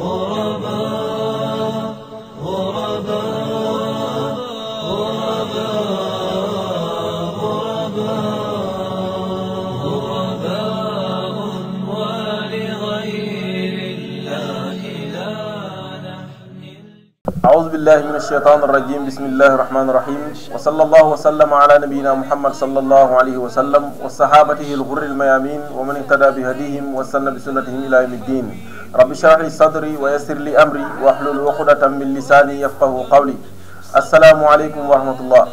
غرباء غرباء غرباء غرباء غرباء ولغير الله لا نحمل أعوذ بالله من الشيطان الرجيم بسم الله الرحمن الرحيم وصلى الله وسلم على نبينا محمد صلى الله عليه وسلم وصحابته الغر الميامين ومن اهتدى بهديهم وسن بسنتهم إلى يوم الدين rabbi shrah li sadri wa yassir li amri wahlul uqdatan min lisaani yafqahu qawli assalaamu aleykum wa rahmatullah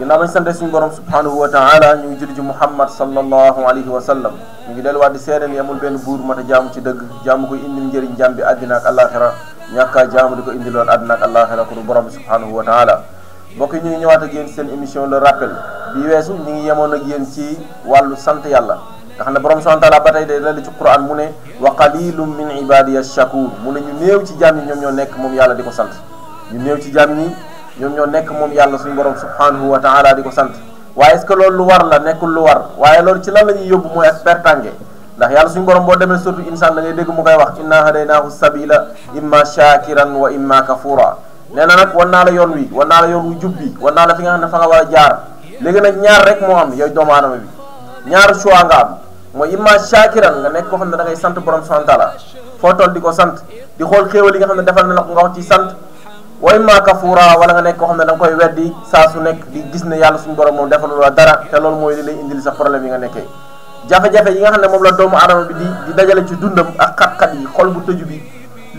ginnaaw bañ sante suñu borom subhanahu wa taala ñu ngi julli ci muhammad sallallahu alayhi wa sallam ñu ngi delluwaat di seedeel yi amul benn buur mat a jaamu ci dëgg jaamu ko indil njëriñ jaam bi àddina ak àllaaxira ñàkkaa jaamu di ko indiloon àddina ak àllaaxira ko du borom bi subhanahu wa taala mbokk ñu ngi ñëwaat ak yéen seen émission le rappel bi weesu ñu ngi yemoon ak yéen ci wàllu sant yàlla nga xam ne borom subhanahu wa taala ba tey day la ci la nekkul lu la ñuy yóbbu mooy ak pertange ndax yàlla suñu borom boo na wi wan naa la yoon wu a ñaar rek moo am yow doomu aadama bi ñaar choix nga am mooy imma shakiran nga nekk koo xam ne da ngay sant borom subhanahu wa taala foo toll ko sant di xool xéewal yi nga xam ne defal na la wax ci sant wa imma wala nga nekk koo ne da nga koy weddi saa su nekk gis ne yàlla suñu borom moom defalul la dara te mooy li lay sa problème yi nga nekkee yi nga xam ne moom la doomu adama bi di di dajale dundam ak xat yi xol bu tëju bi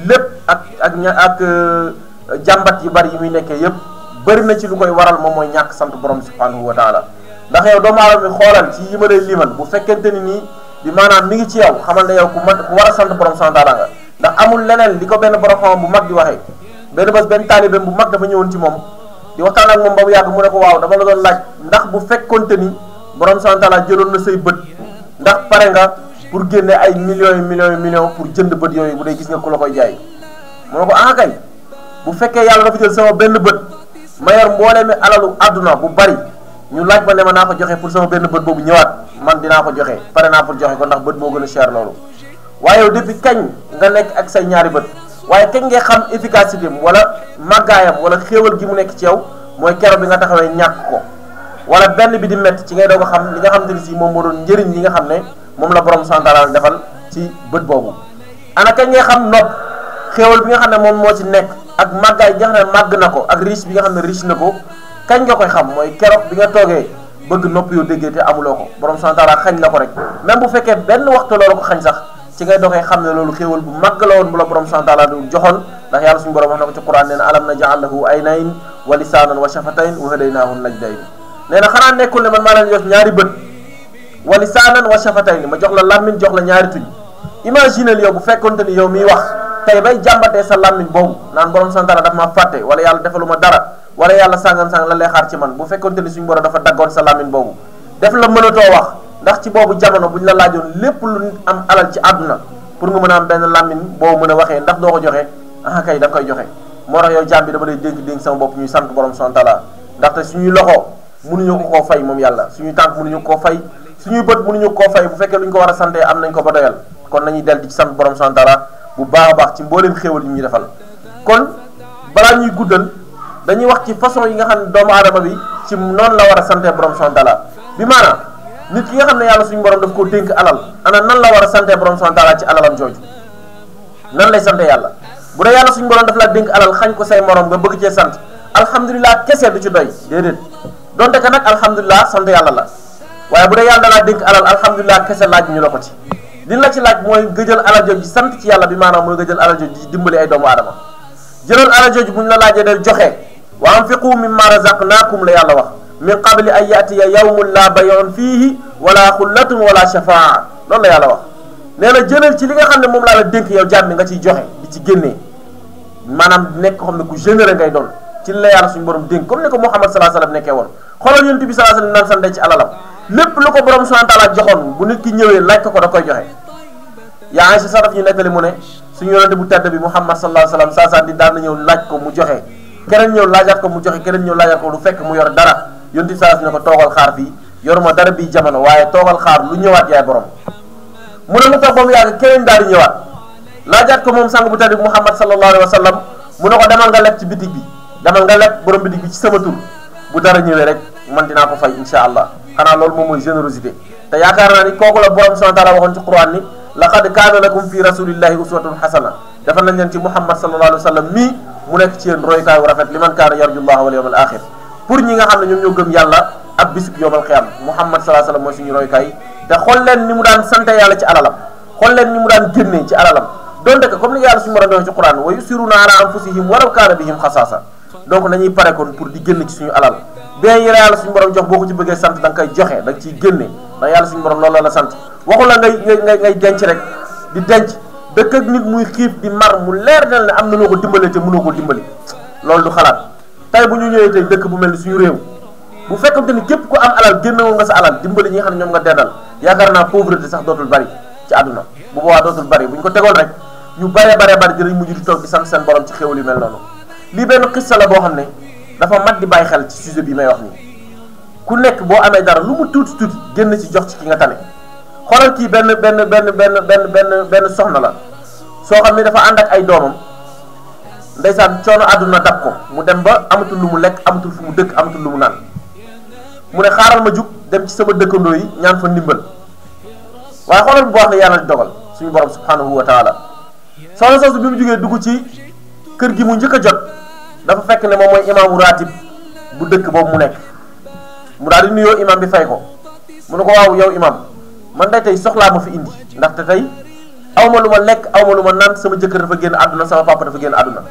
lépp ak ak ña ak euh, jàmbat yu bari yi muy nekkee yépp bëri na ci lu waral moom mooy ñàkk sant borom subhanahu wa taala ndax yow doomu adama bi xoolal ci yi ma lay limal bu fekkente ni nii di maanaam mi ngi ci yow xamal ne yow ku mat ku war a sant borom sant nga ndax amul leneen li ko benn borom bu mag di waxee benn bés benn taalibe bu mag dafa ñëwoon ci moom di waxtaan ak moom ba mu yàgg mu ne ko waaw dama la doon laaj ndax bu fekkonte ni borom sant la jëloon na say bët ndax pare nga pour génne ay millions yi millions yi millions pour jënd bët yooyu bu dee gis nga ku la koy jaay mu ne ko ah kay bu fekkee yàlla dafa jël sama benn bët ma yor mboolee alalu àdduna bu bari ñu laaj ba lema ma naa ko joxe pour sama benn bët boobu ñëwaat man dinaa ko joxe pare naa pour joxe ko ndax bët moo gën a cher loolu waaye depuis kañ nga nekk ak say ñaari bët waaye kañ ngay xam efficacité bi wala màggaayam wala xéewal gi mu nekk ci yow mooy kero bi nga taxawee ñàkk ko wala benn bi di métti ci ngay doog a xam li nga xam te ni si moom moo doon njëriñ li nga xam ne moom la borom santaral defal ci bët boobu ana kañ ngay xam nopp xéewal bi nga xam ne moom moo ci nekk ak màggaay bi nga xam ne màgg na ko ak riche bi nga xam ne riche na ko kañ nga koy xam mooy keroog bi nga toogee bëgg nopp yoo déggee te amuloo ko borom santaala xañ la ko rek même bu fekkee benn waxtu loolu ko xañ sax ci ngay doxee xam ne loolu xéewal bu màgg la woon bu la borom santaala du joxoon ndax yàlla suñu borom wax na na wa lisaanan wa shafatayn wa hadaynaahu najdayn nee na xanaa nekkul ne man maa leen jox ñaari bët wa lisaanan wa shafatayn ma jox la làmmiñ jox la ñaari tuñ imaginel yow bu fekkonte ni yow miy wax tey bay jàmbatee sa làmmiñ boobu naan borom wala yàlla sàngam sàng lan lay xaar ci man bu fekkonte ni suñu borom dafa daggoon sa làmmiñ boobu def la mënatoo wax ndax ci boobu jamono bu ñu la laajoon lépp lu am alal ci àdduna pour nga mën a am benn làmmiñ boobu mën a waxee ndax doo ko joxe ah kay da koy joxe moo tax yow jaam bi dama lay dénk dénk sama bopp ñuy sant borom subhanahu wa ñuy ndaxte suñuy loxo mënuñu ko koo fay moom yàlla suñuy tànk mënuñu koo fay suñuy bët mënuñu koo fay bu fekkee lu ñu ko war a santee am nañ ko ba doyal kon nañuy del di ci sant borom subhanahu wa taala bu baax a baax ci mbooleem ñuy defal kon balaa dañuy wax ci façon yi nga xam ne doomu aadama bi ci noonu la war a sante borom subhanahu wa taala bi maanaam nit ki nga xam ne yàlla suñu borom daf koo dénk alal ana nan la war a sante borom subhanahu wa taala ci alalam jooju nan lay sante yàlla bu dee yàlla suñu borom daf laa dénk alal xañ ko say morom nga bëgg cee sant alhamdulilah kese du ci doy déedéet donte que nag alhamdulilah sant yàlla la waaye bu dee yàlla dalaa dénk alal alhamdulilah kese laaj ñu la ko ci li la ci laaj mooy nga jël alal jooju sant ci yàlla bi maanaam mooy nga jël alal jooju dimbali ay doomu aadama jëlal alal jooju bu ñu la laajee del joxee وانفقوا مما رزقناكم ليا الله من قبل ان ياتي يوم لا بيع فيه ولا خله ولا شفاعه لولا يا الله نانا جينال سي ليغا خاندي موم لا لا دينك ياو جامي غا سي جوخي دي سي генي مانام نيك خاندي كو جينال غاي دون سي لا يالا سون بوروم دينك كوم نيكو محمد صلى الله عليه وسلم نيكي وون يونتي بي صلى الله عليه وسلم نان سان دي سي الله لب لوكو بوروم سبحانه وتعالى جوخون بو نيت كي نيوي لاج كوكو داكاي جوخي يا عائشه صرف ني نتالي موني سي يونتي بو تاد بي محمد صلى الله عليه وسلم سا سا دي دا نيو لاج كو مو جوخي keneen ñëw laajaat ko mu joxe keneen ñëw laajaat ko lu fekk mu yor dara yonti saa si ko toogal xaar fii yoruma dara bii jamono waaye toogal xaar lu ñëwaat yaay borom mu ne mu toog ba mu yàgg keneen daal di ñëwaat laajaat ko moom sang bu tedd bi Muhammad sallallahu alayhi wa sallam mu ne ko demal nga leb ci bitig bi demal nga borom bitig bi ci sama tur bu dara ñëwee rek man dinaa ko fay insha allah xanaa loolu moom mooy générosité te yaakaar naa ni kooku la borom subhanahu wa taala waxoon ci quran ni laqad kaana lakum fi rasulillahi uswatun hasana defal nañ leen ci Muhammad sallallahu alayhi wa sallam mii mu nekk ci yéen royukaay wu rafet li man kaana yarjullaha wal yawmal axir pour ñi nga xam ne ñoom ñoo gëm yàlla ak bisub yowmal xiyam muhammad salaa mooy suñu royukaay te xool leen ni mu daan sante yàlla ci alalam xool leen ni mu daan génnee ci alalam donte que comme ni yàlla suñu borom ci quran wa yusiruna ala anfusihim walaw kaana bihim xasaasa donc nañuy pare kon pour di génn ci suñu alal bien yàlla suñu borom jox boo ko ci sant da nga koy joxe da nga ciy génne ndax yàlla dëkk ak nit muy xiif di mar mu leer na ne am na loo ko dimbalee te mënoo ko dimbali loolu du xalaat tay bu ñu ñëwee tey dëkk bu mel ni suñu réew bu fekkante ni képp ku am alal génnewoon nga sa alal dimbali ñu nga xam ne ñoom nga dendal yaakaar naa pauvreté sax dootul bari àdduna bu boobaa dootul bari bu ñu ko tegoon rek ñu bare bare bari dinañ mujj di toog di sant seen borom ci xéwal yu mel noonu lii benn xissa la boo xam ne dafa mat di bàyyi xel ci sujet bi may wax nii ku nekk boo amee dara lu mu tuuti tuuti génn ci jox ci ki nga tane xoolal kii benn benn benn benn benn benn benn soxna la soo xam ne dafa ànd ak ay doomam ndeysaan coono àdduna dab ko mu dem ba amatul lu mu lekk amatul fu mu dëkk amatul lu mu naan ne xaaral ma jug dem ci sama dëkkandoo yi ñaan fa ndimbal waaye xoolal bu ne yàlla dogal suñu borom subhanahu wa taala soxna soosu bi mu jógee dugg ci kër gi mu njëkk a jot dafa fekk ne moom dëkk boobu mu nekk mu daal di nuyoo imaam bi fay ko mu ne ko waaw yow imaam man day tey soxlaa ma fi indi ndaxte tey aw ma lu ma lekk aw ma lu ma naan sama jëkkër dafa génn àdduna sama papa dafa génn àdduna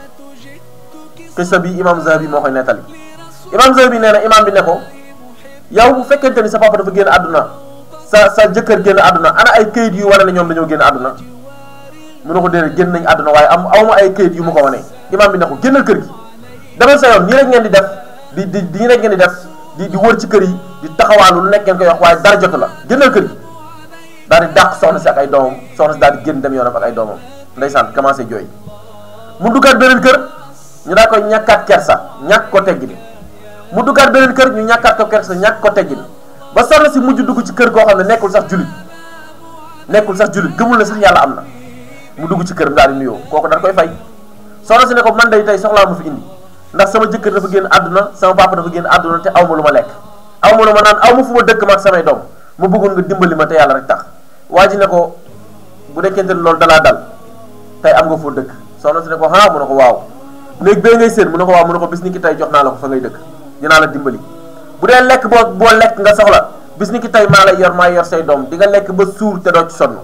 xisa bi imam Zahabi moo koy nettali imam Zahabi nee na imam bi nekko ko yow bu fekkente ni sa papa dafa génn àdduna sa sa jëkkër génn àdduna ana ay këyit yu wane ne ñoom dañoo génn àdduna mu ne ko déedéet génn nañ àdduna waaye am awma ay kayit yu mu ko wane imam bi ne ko génnal kër gi demal sa yoon nii rek ngeen di def di di nii rek ngeen di def di di wër ci kër yi di taxawaalu lu nekk ngeen wax waaye dara jotu la génnal kër gi daal di dàq soxna si ak ay doomam soxna si daal di génn dem yoonam ak ay doomam ndeysaan commencé jooy mu duggaat beneen kër ñu daa koy ñàkkaat kersa ñàkk ko teggin mu duggaat beneen kër ñu ñàkkaat ko kersa ñàkk ko teggin ba soxna si mujj dugg ci kër goo xam ne nekkul sax jullit nekkul sax jullit gëmul ne sax yàlla am na mu dugg ci këram daal di nuyoo kooku dañ koy fay soxna si ne ko man day tey soxlaa ma fi indi ndax sama jëkkër dafa génn àdduna sama papa dafa génn àdduna te aw ma lu ma lekk aw ma lu ma naan aw ma fu dëkk ma ak doom ma bëggoon nga ma te yàlla rek tax waa ji ne ko bu nekkee ne loolu dalaa dal tey am nga foo dëkk soxna si ne ko ah mu ne ko waaw néeg bee ngay seen mu ne ko waaw mu ne ko bis ni ki tey jox naa la ko fa ngay dëkk dinaa la dimbali bu dee lekk boo boo lekk nga soxla bis tey maa lay yor maa yor say doom di nga lekk ba suur te doo ci sonn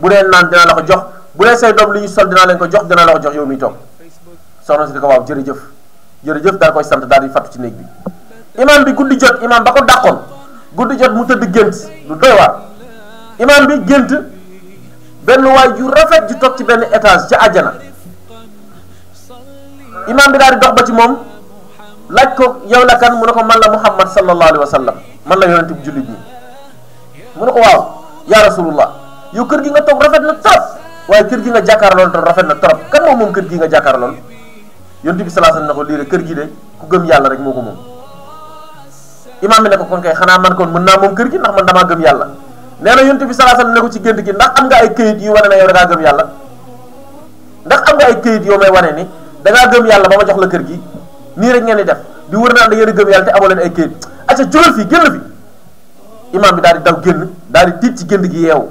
bu dee naan dinaa la ko jox bu ne say doom li ñuy sol dinaa leen ko jox dinaa la ko jox yow mi toog soxna si ne ko waaw jërëjëf jërëjëf daal koy sant daal di fattu ci néeg bi imam bi guddi jot imam ba ko dàqoon guddi jot mu tëdd gént lu doy waar imaam bi gént benn waay ju rafet ju toog ci benn étage ci àjjana imaam bi daal di dox ba ci moom laaj ko yow la kan mu ne ko man la mu muhammad sallallahu alayhi wa sallam man la yonent bi jullit ñi mu ne ko waaw yaa rasulullah yow kër gi nga toog rafet na trop waaye kër gi nga jàkkaarlool rafet na trop kan moom kër gi nga jàkkaarlool yonent bi sallallahu alayhi wa sallam ne ko lii de kër gi de ku gëm yàlla rek moo ko moom imaam bi ne ko kon kay xanaa man kon mën naa moom kër gi ndax man damaa gëm yàlla nee na yonent bi sallallahu alayhi ne ko ci gént gi ndax am nga ay këyit yu wane ne yow da ngaa gëm yàlla ndax am nga ay këyit yoo may wane ni da gëm yàlla ba ma jox la kër gi nii rek ngeen di def di wër naan da ngeen a gëm yàlla te amoo leen ay këyit acca jógal fii génn fi imaam bi daal di daw génn daal di tiit ci gént gi yeewu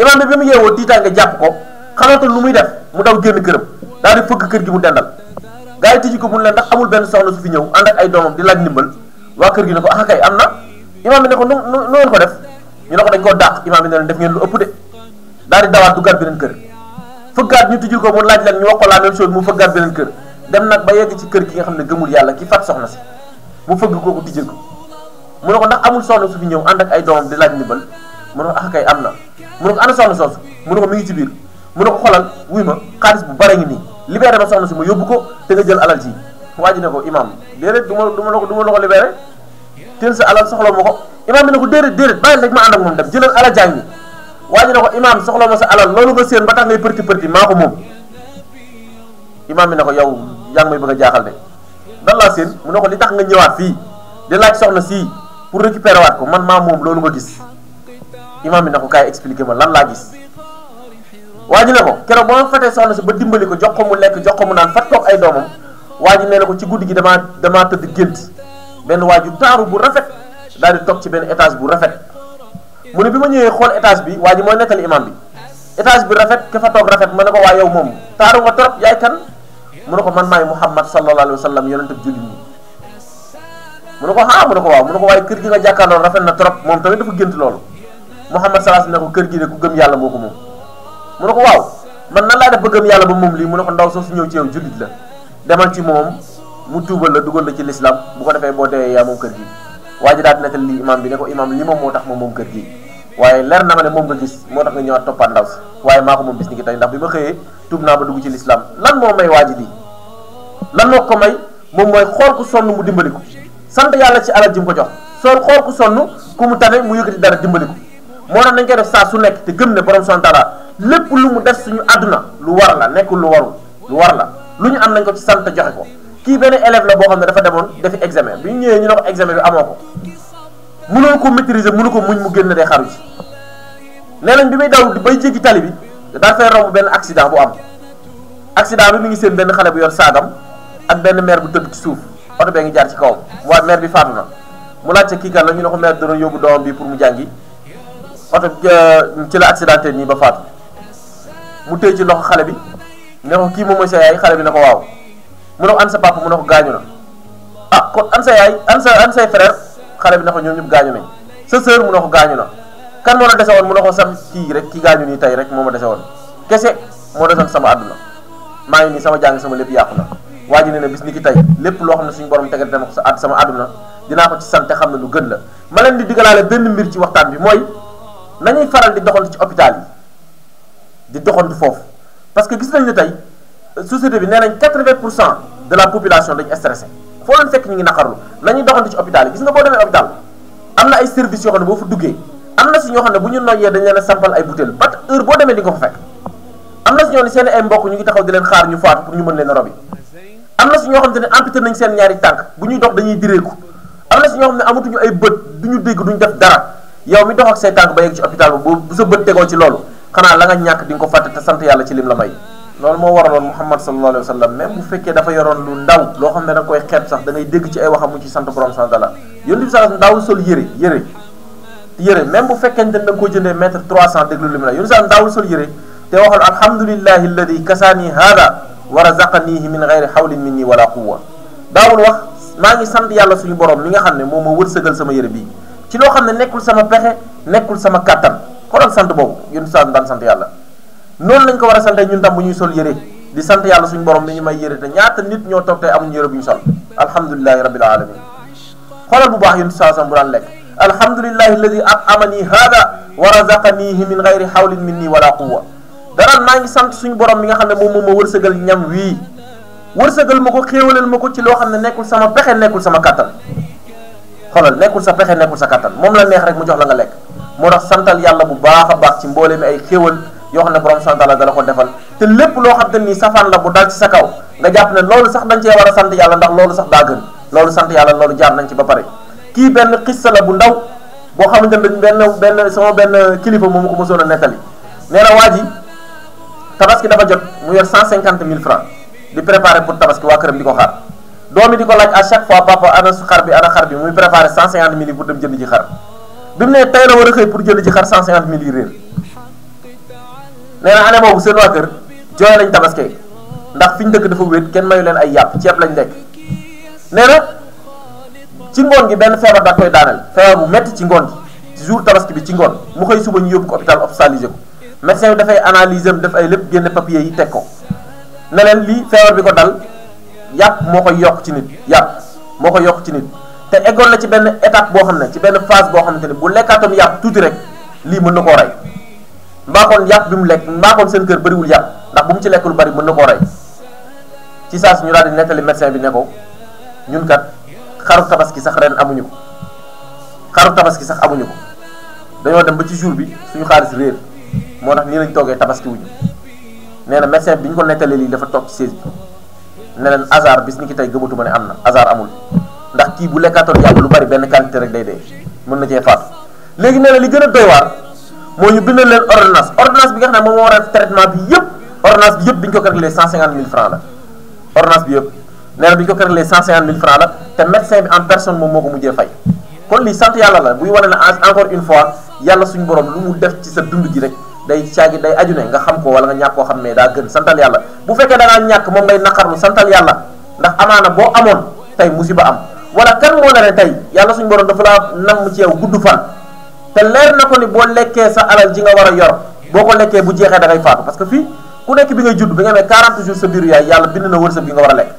imaam bi bi mu yeewoo tiitaange jàpp ko xamante lu muy def mu daw génn këram daal di fëgg kër gi mu dendal gaa yi tijji ko mu ne leen ndax amul benn soxna su fi ñëw ànd ak ay doomam di laaj ndimbal waa kër gi ne ko ah am na imaam ne ko nu nu ngeen ko def ñu ne ko dañ koo dàq imaam bi ne def ngeen lu ëpp de daal di dawaat duggaat beneen kër fëggaat ñu tijji ko mu laaj leen ñu wax ko la même chose mu fëggaat beneen kër dem nag ba yegg ci kër gi nga xam ne gëmul yàlla ki fat fëgg kooku tijjil ko mu ne ko ndax amul soxna su fi ñëw ànd ak ay doomam di laaj ndimbal mu ne ko ah, kay am na mu ne ko ana soxna soosu mu ne ko mi ngi ci biir mu ne ko xolal wuy ma xaalis bu bare ngi nii libéré ma soxna si ma yóbbu ko te nga jël alal ji waa ji ne ko imaam déedéet du ma du ma ko du ma la ko libéré tin sa alal soxla ma ko imaam ne ko déedéet déedéet bay rek ma ànd ak moom dem jeul ala jangi waji ne ko imam soxla ma sa alal lolu nga seen ba tax ngay perti perti mako mom imam ne ko yow yang may bëgg jaxal de dal la seen mu ne ko li tax nga ñëwaat fi di laaj soxna si pour récupérer waat ko man ma mom lolu nga gis imam ne ko kay expliquer ma lan la gis waji ne ko keroog bo faté soxna si ba dimbali ko jox ko mu lek jox ko mu nan fat tok ay domam waji ne nee ko ci guddi gi dama damaa tëdd gént ben waju taru bu rafet dal di toog ci ben étage bu rafet mu ne bi ma ñëwee étage bi waji mo netal imam bi étage bi rafet ka fa tok rafet mané ko wa yow mom taru nga torop yaay kan mu ko man may Muhammad sallallahu alaihi wasallam sallam yonentab jullit mu ne ko ah mu ne ko wa mu ne ko way keur gi nga jakkalon rafet na torop mom tamit dafa gënt lool Muhammad salaas ne ko keur gi ne ku gëm yalla moko mom moom mu ne ko waaw man nan la def bëggam yalla ba mom li mu ko ndaw su ci yow la demal ci mom mu tuubal la dugal la ci lislaam bu ko defee boo deewee yaa moom kër gi waa ji daal di nekkal bi ne ko imaam li moom moo tax moom moom kër gi waaye leer na ma ne moom nga gis moo tax nga ñëwaat toppaat ndaw si waaye maa ko moom bis ni ki tey ndax bi ma xëyee tuub naa ba dugg ci lislaam lan moo may waa ji lan moo ko may moom mooy xool ku sonn mu dimbali ko sant yàlla si alal ji mu ko jox soo xool ku sonn ku mu tane mu yëkkati dara dimbali ko moo tax nañ koy su nekk te gëm ne borom santaala lépp lu mu def suñu àdduna lu war la nekkul lu warul lu war la lu ñu am nañ ko ci sant joxe ko kii benn élève la boo xam ne dafa demoon defi examen bi ñu ñëwee ñu ne ko examen bi amoo ko mënoo ko maîtriser mënu ko muñ mu génn day xaru nee nañ bi muy daw bay jéggi tali bi daa benn accident bu am accident bi benn xale bu yor saagam ak benn maire bu tëdd ci suuf oto bee ngi jaar ci kawam waaye bi faatu na mu laajte kii kan ñu ne ko maire dana yóbbu bi pour mu jàngi oto euh, ci la accidenté ba faatu mu téye ci loxo xale bi ne ko kii moom mooy sa yaay xale bi ne ko waaw mu ne ko an sa papa mu ne ko gaañu na ah kon an sa yaay an sa an say frère xale bi ne ko ñoom ñëpp gaañu nañ sa sœur mu ne ko gaañu na kan moo la dese woon mu ne ko sam kii rek ki gaañu nii tey rek moo ma dese woon kese moo desoon sama àdduna maa ngi nii sama jàng sama lépp yàqu na waa ji ne na bis ni ki tey lépp loo xam ne suñu borom tegal dama ko sa àdd sama àdduna dinaa ko ci sant xam ne lu gën la ma leen di digalaale benn mbir ci waxtaan bi mooy nañuy faral di doxantu ci hôpital yi di doxantu foofu parce que gis nañ ne tey société bi nee nañ quatre-vingt pour cent de la population dañu stressé foo leen fekk ñu ngi naqarlu nañu doxante ci hôpital yi gis nga boo demee hôpital am na ne boo fa duggee am na si ñoo xam ne bu ñu noyyee dañ leen a sampal ay butéel ba heure boo demee di nga fa fekk am na si ñoo xam ne seen ay mbokk ñu ngi taxaw di leen xaar ñu faatu pour ñu mën leen a robi am na si ñoo xam ne amputé nañ seen ñaari tànk bu ñuy dox dañuy direeku am na si ñoo xam ne amatuñu ñu dégg duñu def dara yow mi dox ci hôpital ba bu sa bët tegoo ci sant yàlla ci lim la may loolu moo waraloon Muhammad sallallahu alayhi wa sallam même bu fekkee dafa yoroon lu ndaw loo xam ne da koy xeeb sax da ngay dégg ci ay waxam mu ci sant borom sant la yonent bi sax ndaw sol yëre yëre yëre même bu fekkente ne da nga ko jëndee mètre 300 déglu li mu la yonent sax ndaawul sol yëre te waxal alhamdulillahi alladi kasaani hada wa razaqanihi min gayri xawlin minni wala quwa daawul wax maa ngi sant yàlla suñu borom mi nga xam ne moom moo wërsëgal sama yëre bii ci loo xam ne nekkul sama pexe nekkul sama kàttan xoolal sant boobu yonent sax daan sant yàlla noonu lañ ko war a sante ñun tam bu ñuy sol yére di sant yàlla suñu borom mi ñu may yére te ñaata nit ñoo toog tey amuñu yére bu ñu sol alhamdulilahi rabbil alamin xoolal bu baax yun saasam bu daan lekk alhamdulilahi alladi at'amani hada wa razaqanihi min gayri hawlin minni wala quwwa dara maa ngi sant suñu borom mi nga xam ne moom moom ma wërsëgal ñam wii wërsëgal ma ko xéewalal ma ko ci loo xam ne nekkul sama pexe nekkul sama kattan xoolal nekkul sa pexe nekkul sa kattan moom la neex rek mu jox la nga lekk moo tax santal yàlla bu baax a baax ci mboole mi ay xéewal yoo xam ne borom subhanahu wa taala da la ko defal te lépp loo xam te nii safaan la bu dal ci sa kaw nga jàpp ne loolu sax dañ cee war a sant yàlla ndax loolu sax daa gën loolu sant yàlla loolu jaar nañ ci ba pare kii benn xissa la bu ndaw boo xamante ne benn benn sama benn kilifa moom ko mosoon a nettali nee na waa ji tabaski dafa jot mu yor cent cinquante mille francs di préparer pour tabaski waa këram di ko xaar doomi di ko laaj à chaque fois papa ana xar bi nee na année boobu seen waa kër jooy lañ tabaskee ndax fi ñu dëkk dafa wéet kenn mayu leen ay yàpp ceeb lañu lekk nee ci ngoon gi benn feebar daa koy daaneel feebar bu métti ci ngoon gi ci jour tabaski bi ci ngoon mu xëy suba ñu yóbbu ko hôpital hospitalisé ko médecin bi dafay analyser am def ay lépp génne papier yi teg ko neleen leen lii feebar bi ko dal yàpp moo koy yokk ci nit yàpp moo koy yokk ci nit te eggoon na ci benn étape boo xam ne ci benn phase boo xamante ne bu lekkaatam yàpp tuuti rek lii mën na koo rey mbaaxoon yàpp bi mu lekk mbaaxoon seen kër bariwul yàpp ndax bu mu ci lekk lu bari mën na koo rey ci saa si ñu daal di nettali médecin bi ne ko ñun kat xaru tabaski sax ren amuñu ko xaru tabaski sax amuñu ko dañoo dem ba ci jour bi suñu xaalis réer moo tax nii lañ toogee tabaski wuñu nee na médecin bi ñu ko nettalee lii dafa toog ci sées bi ne leen hasard bis ki tey gëmatuma ne am na hasard amul ndax kii bu lekkaatoon yàpp lu bari benn quantité rek day dee mën na cee faatu léegi nee na moo ñu bindal leen ordonnance ordonnance bi nga xam ne moom moo a def traitement bi yëpp ordonnance bi yëpp bi ñu ko calculé 150000 francs la ordonnance bi yëpp nee na bi ñu ko calculé 150000 francs la te médecin bi en personne moom moo ko mujjee fay kon lii sant yàlla la buy wane ne encore une fois yàlla suñu borom lu mu def ci sa dund ji rek day caagi day aju ne nga xam ko wala nga ñàkk koo xam ne daa gën santal yàlla bu fekkee da ngaa ñàkk moom day naqarlu santal yàlla ndax amaana boo amoon tey musiba am wala kan moo la tey yàlla suñu borom dafa laa nam gudd fan te leer na ko ni boo lekkee sa alal ji nga war a yor boo ko lekkee bu jeexee da ngay faatu parce que fii ku nekk bi ngay judd bi nga amee 40 jours sa biiru yaay yàlla bind na wërsëg biir nga war a lekk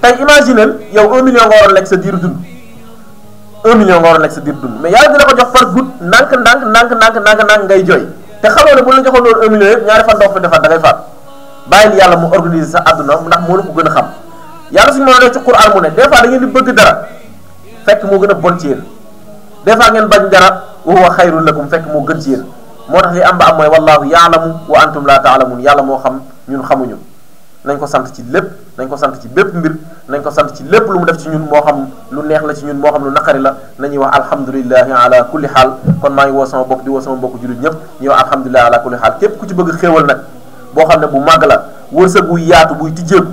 tey imagineel yow 1 million nga war a lekk sa diiru dund 1 million nga war a lekk sa diiru dund mais yàlla dina ko jox par goutte ndànk ndànk ndànk ndànk ndànk ngay jooy te xamoo ne bu la joxoon loolu 1 million yëpp ñaari fan doo fa defaat da ndax moo la ko gën a xam yàlla suñu mënoo ci gën a bon ci yéen des fois ngeen وهو خير لكم فك مو گنسير موتاخ لي امبا اموي والله يعلم وانتم لا تعلمون يالا مو خم نون خمو نيو نانكو سانت سي لب نانكو سانت سي بيب مير نانكو سانت سي لب لومو داف سي نون مو خم لو نيه لا سي نون مو خم لو نخاري لا ناني واخ الحمد لله على كل حال كون ماي و سما بوك دي و سما بوك جولي نيب نيو الحمد لله على كل حال كيب كو بوج خيوال نك بو خا نبو ماغلا ورسغو ياتو بو تيجيب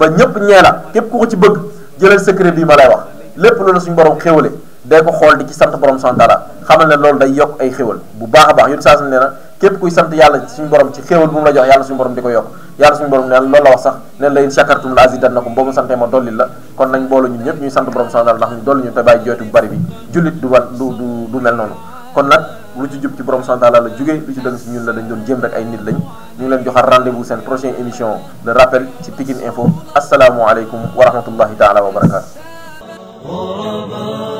با نيب نيلا كيب كو تي بوج جيرال سيكري بي مالاي واخ لب لو لا سي نون بروم خيوالي داي كو خول دي سي سانت بروم سانت دارا xamal ne loolu day yokk ay xéwal bu baax a baax yun saasam nee na képp kuy sant yàlla suñu borom ci xéwal bu mu la jox yàlla suñu borom di ko yokk yàlla suñu borom nee loolu la wax sax neen la in shakartum la azidannakum boo mu santee ma dolli la kon nañ boolu ñun ñëpp ñuy sant borom subhanahu wa ta'ala ndax lu ci jub ci borom subhanahu wa la jugee lu ci dëng si ñun la dañ doon jéem rek ay nit lañ ñu ngi leen joxal rendez-vous seen prochaine émission de rappel ci Pikine Info asalaamu aleykum wa rahmatullahi taala wa